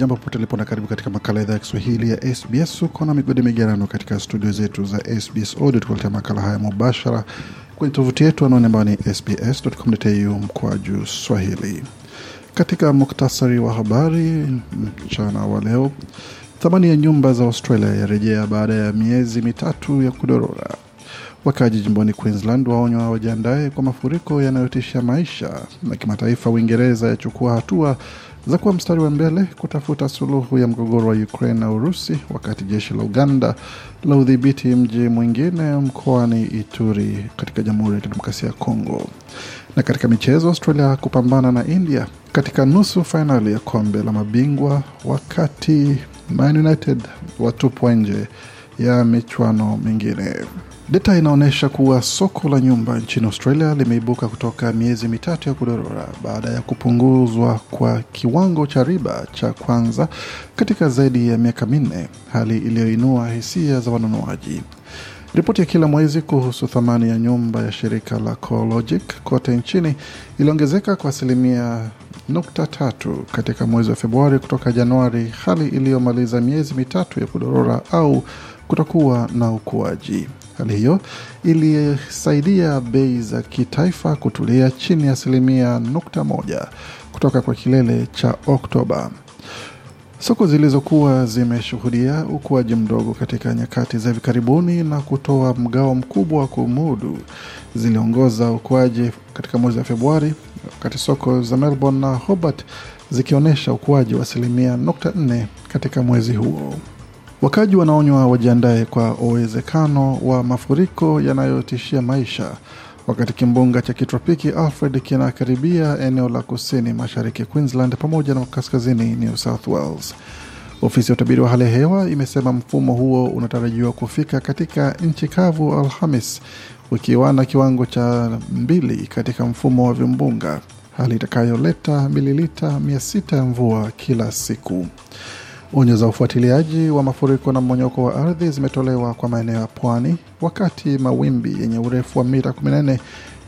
Jambo popote ulipo na karibu katika makala idhaa ya Kiswahili ya SBS. Uko na migodi migerano katika studio zetu za SBS Audio, tukuletea makala haya mubashara kwenye tovuti yetu, anaone ambayo ni sbs.com.au mkwaju swahili. Katika muktasari wa habari mchana wa leo, thamani ya nyumba za Australia yarejea baada ya miezi mitatu ya kudorora. Wakaaji jimboni Queensland waonywa wajiandae kwa mafuriko yanayotisha maisha. Na kimataifa, Uingereza yachukua hatua za kuwa mstari wa mbele kutafuta suluhu ya mgogoro wa Ukraine na Urusi, wakati jeshi la Uganda la udhibiti mji mwingine mkoani Ituri katika Jamhuri ya Kidemokrasia ya Kongo. Na katika michezo, Australia kupambana na India katika nusu fainali ya kombe la mabingwa, wakati Man United watupwa nje ya michuano mingine. Data inaonyesha kuwa soko la nyumba nchini Australia limeibuka kutoka miezi mitatu ya kudorora baada ya kupunguzwa kwa kiwango cha riba cha kwanza katika zaidi ya miaka minne, hali iliyoinua hisia za wanunuaji. Ripoti ya kila mwezi kuhusu thamani ya nyumba ya shirika la CoreLogic kote nchini iliongezeka kwa asilimia nukta tatu katika mwezi wa Februari kutoka Januari, hali iliyomaliza miezi mitatu ya kudorora au kutakuwa na ukuaji. Hali hiyo ilisaidia bei za kitaifa kutulia chini ya asilimia nukta moja kutoka kwa kilele cha Oktoba. Soko zilizokuwa zimeshuhudia ukuaji mdogo katika nyakati za hivi karibuni na kutoa mgao mkubwa wa kumudu ziliongoza ukuaji katika mwezi wa Februari, wakati soko za Melbourne na Hobart zikionyesha ukuaji wa asilimia nukta nne katika mwezi huo. Wakaji wanaonywa wajiandae kwa uwezekano wa mafuriko yanayotishia maisha wakati kimbunga cha kitropiki Alfred kinakaribia eneo la kusini mashariki Queensland pamoja na kaskazini New South Wales. Ofisi ya utabiri wa hali ya hewa imesema mfumo huo unatarajiwa kufika katika nchi kavu Alhamis ukiwa na kiwango cha mbili katika mfumo wa vimbunga, hali itakayoleta mililita 6 ya mvua kila siku. Onyo za ufuatiliaji wa mafuriko na mmonyoko wa ardhi zimetolewa kwa maeneo ya pwani, wakati mawimbi yenye urefu wa mita 14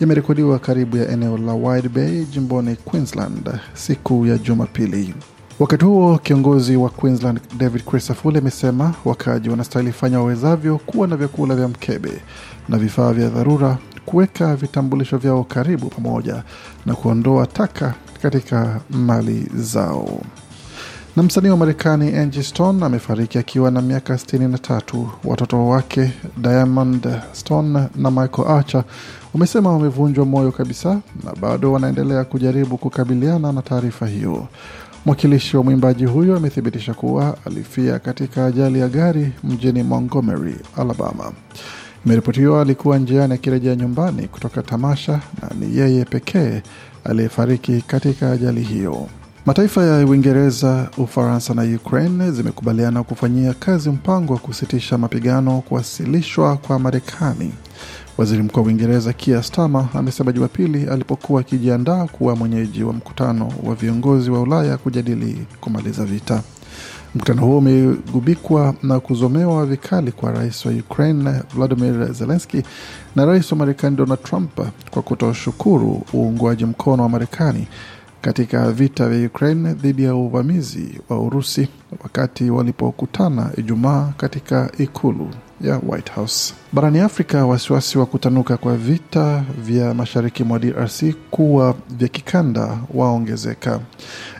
yamerekodiwa karibu ya eneo la Wide Bay jimboni Queensland siku ya Jumapili. Wakati huo kiongozi wa Queensland David Crisafulli amesema wakaji wanastahili fanya wawezavyo kuwa na vyakula vya mkebe na vifaa vya dharura, kuweka vitambulisho vyao karibu, pamoja na kuondoa taka katika mali zao. Na msanii wa Marekani Angie Stone amefariki akiwa na miaka 63. Watoto wake Diamond Stone na Michael Archer wamesema wamevunjwa moyo kabisa na bado wanaendelea kujaribu kukabiliana na taarifa hiyo. Mwakilishi wa mwimbaji huyo amethibitisha kuwa alifia katika ajali ya gari mjini Montgomery, Alabama. Imeripotiwa alikuwa njiani akirejea nyumbani kutoka tamasha na ni yeye pekee aliyefariki katika ajali hiyo. Mataifa ya Uingereza, Ufaransa na Ukraine zimekubaliana kufanyia kazi mpango wa kusitisha mapigano kuwasilishwa kwa Marekani. Waziri Mkuu wa Uingereza Keir Starmer amesema Jumapili alipokuwa akijiandaa kuwa mwenyeji wa mkutano wa viongozi wa Ulaya kujadili kumaliza vita. Mkutano huo umegubikwa na kuzomewa vikali kwa rais wa Ukraine Vladimir Zelenski na rais wa Marekani Donald Trump kwa kutoshukuru uungwaji mkono wa Marekani katika vita vya Ukraine dhidi ya uvamizi wa Urusi wakati walipokutana Ijumaa katika ikulu ya White House. Barani Afrika, wasiwasi wa kutanuka kwa vita vya mashariki mwa DRC kuwa vya kikanda waongezeka.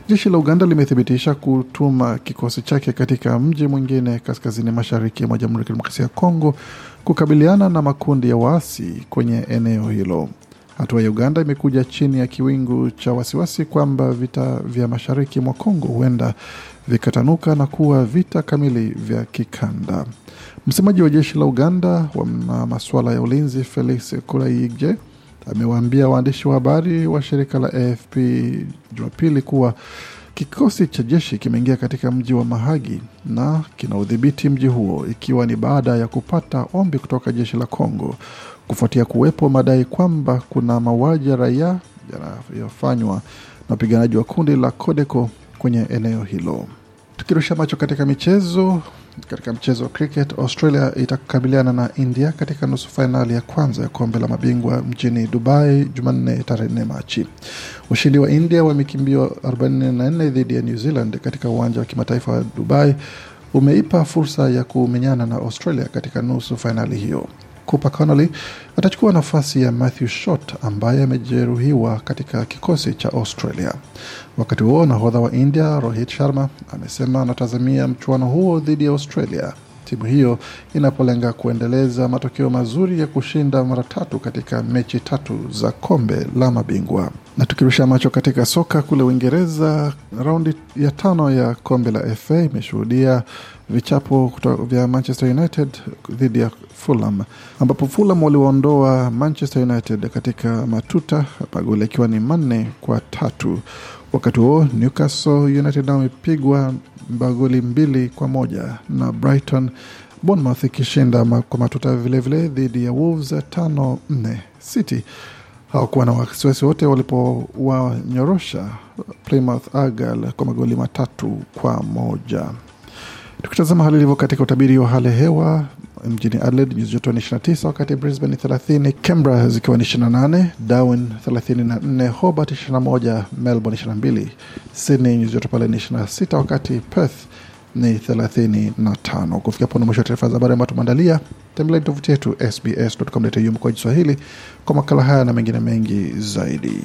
Jeshi la Uganda limethibitisha kutuma kikosi chake katika mji mwingine kaskazini mashariki mwa Jamhuri ya Kidemokrasia ya Kongo kukabiliana na makundi ya waasi kwenye eneo hilo. Hatua ya Uganda imekuja chini ya kiwingu cha wasiwasi kwamba vita vya mashariki mwa Kongo huenda vikatanuka na kuwa vita kamili vya kikanda. Msemaji wa jeshi la Uganda na masuala ya ulinzi Felix Kulaigje amewaambia waandishi wa habari wa shirika la AFP Jumapili kuwa Kikosi cha jeshi kimeingia katika mji wa Mahagi na kinaudhibiti mji huo ikiwa ni baada ya kupata ombi kutoka jeshi la Kongo kufuatia kuwepo madai kwamba kuna mauaji ya raia yanayofanywa na wapiganaji wa kundi la Kodeko kwenye eneo hilo. Tukirusha macho katika michezo, katika mchezo wa cricket, Australia itakabiliana na India katika nusu fainali ya kwanza ya kombe la mabingwa mjini Dubai Jumanne tarehe 4 Machi. Ushindi wa India wa mikimbio 44 dhidi ya New Zealand katika uwanja wa kimataifa wa Dubai umeipa fursa ya kumenyana na Australia katika nusu fainali hiyo. Cooper Connolly atachukua nafasi ya Matthew Short ambaye amejeruhiwa katika kikosi cha Australia. Wakati huo nahodha wa India Rohit Sharma amesema anatazamia mchuano huo dhidi ya Australia timu hiyo inapolenga kuendeleza matokeo mazuri ya kushinda mara tatu katika mechi tatu za kombe la mabingwa. Na tukirusha macho katika soka kule Uingereza, raundi ya tano ya kombe la FA imeshuhudia vichapo vya Manchester United dhidi ya Fulham, ambapo Fulham waliwaondoa Manchester United katika matuta, magoli akiwa ni manne kwa tatu. Wakati huo Newcastle United nao imepigwa bagoli mbili kwa moja na Brighton Bournemouth ikishinda kwa matuta vilevile dhidi ya Wolves tano nne. City hawakuwa na wasiwasi wote walipowanyorosha Plymouth Argyle kwa magoli matatu kwa moja. Tukitazama hali ilivyo katika utabiri wa hali ya hewa, mjini Adelaide nyuzi joto ni 29, wakati Brisbane 30, Canberra zikiwa ni 28, Darwin 34, Hobart 21, Melbourne 22, Sydney nyuzi joto pale ni 26, wakati Perth ni 35. Kufikia hapo ni mwisho wa taarifa za habari ambayo tumeandalia. Tembeleni tovuti yetu sbs.com.au kwa Swahili kwa makala haya na mengine mengi zaidi.